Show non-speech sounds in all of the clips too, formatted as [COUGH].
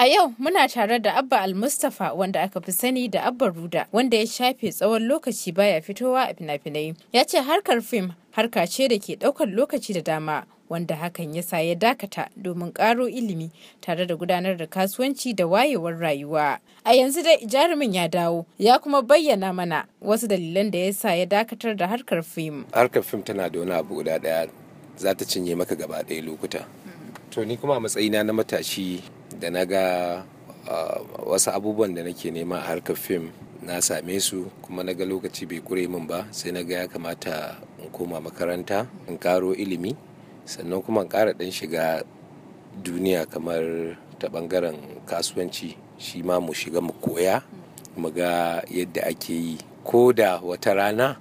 A yau muna tare da Abba Al-Mustapha wanda aka fi sani da Abba Ruda wanda ya shafe tsawon lokaci baya fitowa a fina-finai. Ya ce harkar fim harka ce da ke ɗaukar lokaci da dama wanda hakan ya sa ya dakata domin karo ilimi tare da gudanar da kasuwanci da wayewar rayuwa. A yanzu dai jarumin ya dawo ya kuma bayyana mana wasu dalilan da ya sa ya dakatar da harkar fim. Harkar fim tana da wani abu guda ɗaya za ta cinye maka gaba ɗaya lokuta. to ni kuma a matsayina na matashi da na ga wasu abubuwan da nake nema a harkar fim na same su kuma na ga lokaci bai kure min ba sai na ga ya kamata in koma makaranta in karo ilimi sannan kuma in ƙara ɗan shiga duniya kamar ta ɓangaren kasuwanci shi ma mu shiga mu koya mu ga yadda ake yi ko da wata rana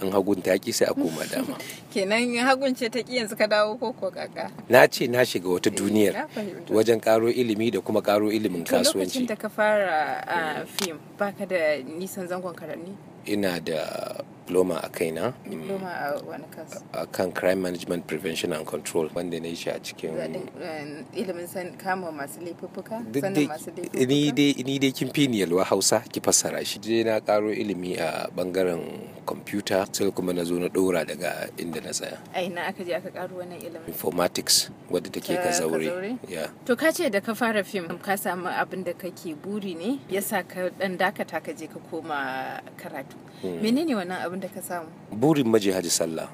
an hagun ta ki sai a koma dama [LAUGHS] kenan hagun ce ta ki yanzu ka dawo ko ko kaka na ce na shiga wata eh, duniyar wajen karo ilimi da kuma karo ilimin kasuwanci lokacin da ka fara ah, eh. fim baka da nisan zangon karanni ina da diploma a kaina a kan crime management prevention and control wanda na yi shi a cikin eh, ilimin san kama masu laifuka ni dai kin fi yalwa hausa ki fassara shi je na karo ilimi a bangaren computer sai kuma na zo na dora daga inda na tsaya ai na aka je aka karo wannan ilimin informatics wadda take eh, ka zaure to ka ce da ka fara fim ka samu abin da kake buri ne yasa ka dan dakata ka je ka koma karatu hmm. menene wannan abin abin da ka samu burin maje haji sallah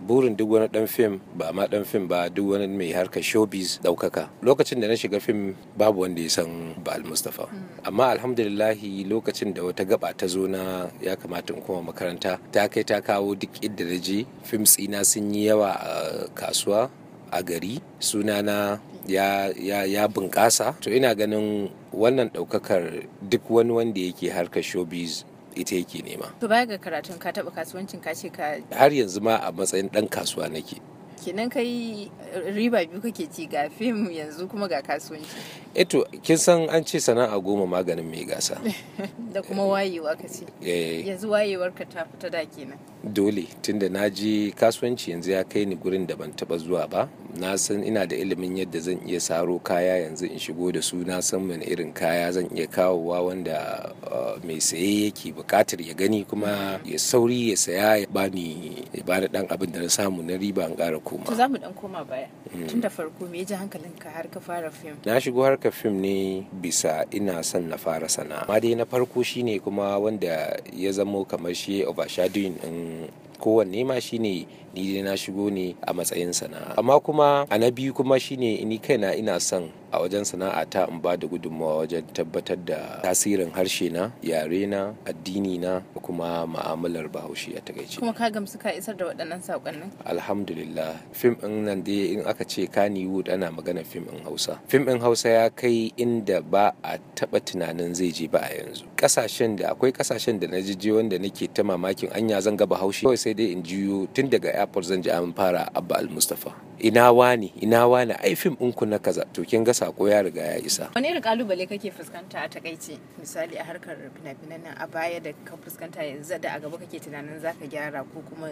burin duk wani dan fim ba ma dan fim ba duk wani mai harkar showbiz daukaka lokacin da na shiga fim babu wanda ya san ba'al mustafa hmm. amma alhamdulillahi lokacin da wata gaba ta zo na ya kamata in koma makaranta ta kai ta kawo duk inda na je fim tsina sun yi yawa a kasuwa a gari sunana ya, ya, ya bunƙasa to ina ganin wannan daukakar duk wani wanda yake harkar showbiz ita yake nema to baya ga karatun ka taɓa kasuwancin ka ce ka har yanzu ma a matsayin ɗan kasuwa nake kenan kai riba biyu kake ci ga fim yanzu kuma ga kasuwanci eto kin san an ce sana'a goma maganin mai gasa [LAUGHS] da kuma wayewa ka ce eh. yanzu wayewar ka ta fita da kenan dole tunda na ji kasuwanci yanzu ya kai ni gurin da ban taba zuwa ba na san ina da ilimin yadda zan iya saro kaya yanzu in shigo da su na san wani irin kaya zan iya kawowa wanda eh, mai saye yake bukatar ya gani kuma ya sauri ya saya ya bani ya bani dan abin da na samu na riba an kara ko koma to za mu dan koma baya mm. tun da farko me ji hankalin ka har ka fara fim na shigo harkar fim ne bisa ina son na fara sana. amma dai na farko shine kuma wanda ya zamo kamar shi overshadowing in kowanne ma shine ni dai na shigo ne a matsayin sana. amma kuma a na biyu kuma shine ni kaina ina son a wajen sana'a ta in ba da gudunmawa wajen tabbatar da tasirin harshe na yare na addini na da kuma ma'amalar bahaushe a takaice kuma ka gamsu ka isar da waɗannan saƙonnin alhamdulillah fim ɗin nan dai in aka ce kaniwood ana magana fim ɗin hausa fim ɗin hausa ya kai inda ba a taɓa tunanin zai je ba a yanzu ƙasashen da akwai ƙasashen da na jije wanda nake ta mamakin anya zan ga bahaushe kawai sai dai in jiyo tun daga airport zan je an fara abba al-mustafa ina wani ina wani ai fim ku na kaza to kin ga sako ya riga ya isa wani irin kalubale kake fuskanta a takaice misali a harkar fina-finan nan a baya da ka fuskanta yanzu da a gaba kake tunanin zaka gyara ko kuma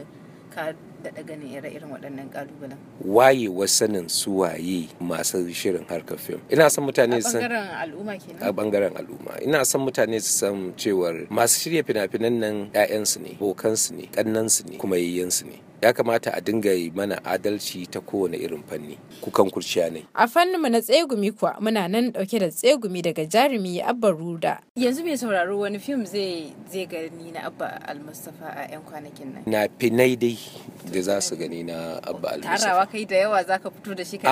ka daɗa ganin ire-irin waɗannan ƙalubalen? sanin su waye masu shirin harkar fim. Ina son mutane su san... A al'umma kenan? A ɓangaren al'umma. Ina son mutane su san cewar masu shirya fina-finan nan 'ya'yansu ne, bokansu ne, ƙannansu ne, kuma yayyansu ne. ya kamata a dinga yi mana adalci ta kowane irin fanni kukan kurciya ne a fannin mu na tsegumi kuwa muna nan dauke da tsegumi daga jarumi abba ruda yanzu mai sauraro wani fim zai gani na abba almustafa a yan kwanakin nan na finai dai da za su gani na abba al tarawa kai da yawa za ka fito da shi ka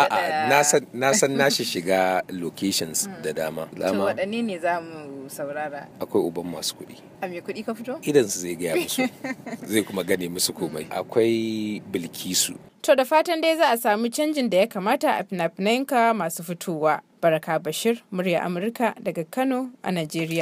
na san shi shiga locations da mm. dama to waɗanne ne za mu saurara akwai uban masu kuɗi a me kuɗi ka fito idan su zai gaya musu [LAUGHS] zai kuma gane musu komai akwai bilkisu to da fatan dai za a samu canjin da ya kamata a fina-finanka masu fitowa baraka bashir murya amurka daga kano a najeriya